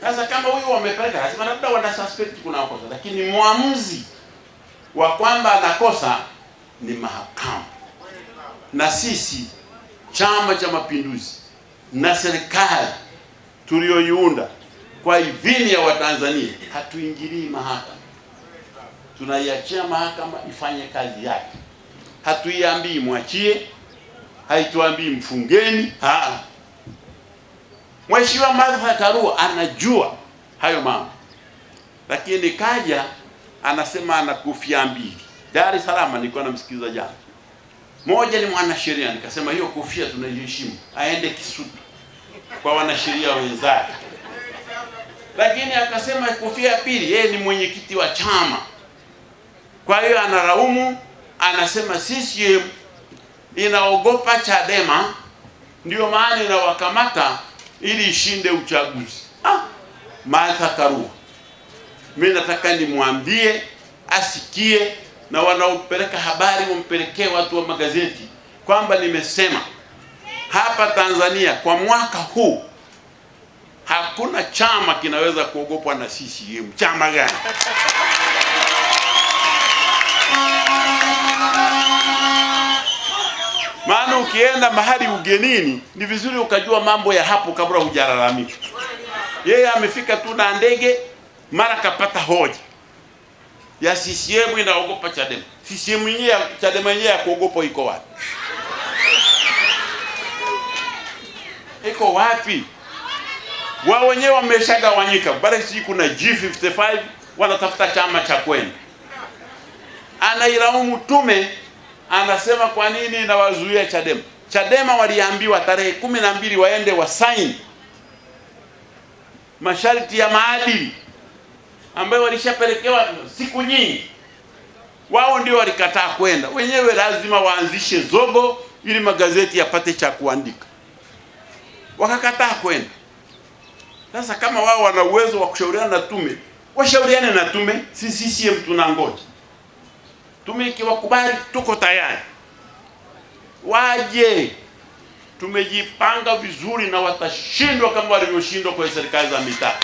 Sasa kama huyu wamepeleka, lazima labda wana suspect kuna kosa, lakini mwamuzi wa kwamba anakosa ni mahakama. Na sisi Chama cha Mapinduzi na serikali tuliyoiunda kwa idhini ya Watanzania hatuingilii mahakama, tunaiachia mahakama ifanye kazi yake. Hatuiambii mwachie, haituambii mfungeni, haa. Mheshimiwa Martha Karua anajua hayo mambo, lakini kaja anasema anakufia mbili. Dar es Salaam nilikuwa namsikiliza jana, moja ni mwanasheria, nikasema hiyo kufia tunaiheshimu, aende Kisutu kwa wanasheria wenzake, lakini akasema kufia pili, yeye ni mwenyekiti wa chama, kwa hiyo analaumu, anasema CCM inaogopa Chadema, ndio maana inawakamata ili ishinde uchaguzi. Ah, Martha Karua, mimi nataka nimwambie asikie, na wanaopeleka habari wampelekee watu wa magazeti kwamba nimesema hapa Tanzania kwa mwaka huu hakuna chama kinaweza kuogopwa na CCM. Chama gani? ukienda mahali ugenini, ni vizuri ukajua mambo ya hapo kabla hujalalamika. Yeye amefika tu na ndege, mara kapata hoja ya CCM inaogopa Chadema. CCM yenyewe Chadema yenyewe ya kuogopa iko wapi? Iko wapi? Wao wenyewe wameshagawanyika, bado sijui kuna G55 wanatafuta chama cha kwenda, anailaumu tume anasema kwa nini nawazuia Chadema? Chadema waliambiwa tarehe kumi na mbili waende wasaini masharti ya maadili ambayo walishapelekewa siku nyingi. Wao ndio walikataa kwenda, wenyewe lazima waanzishe zogo ili magazeti yapate cha kuandika, wakakataa kwenda. Sasa kama wao wana uwezo wa kushauriana na tume, washauriane na tume, mtu CCM tunangoja tumekiwakubali, tuko tayari waje. Tumejipanga vizuri na watashindwa kama walivyoshindwa kwenye serikali za mitaa.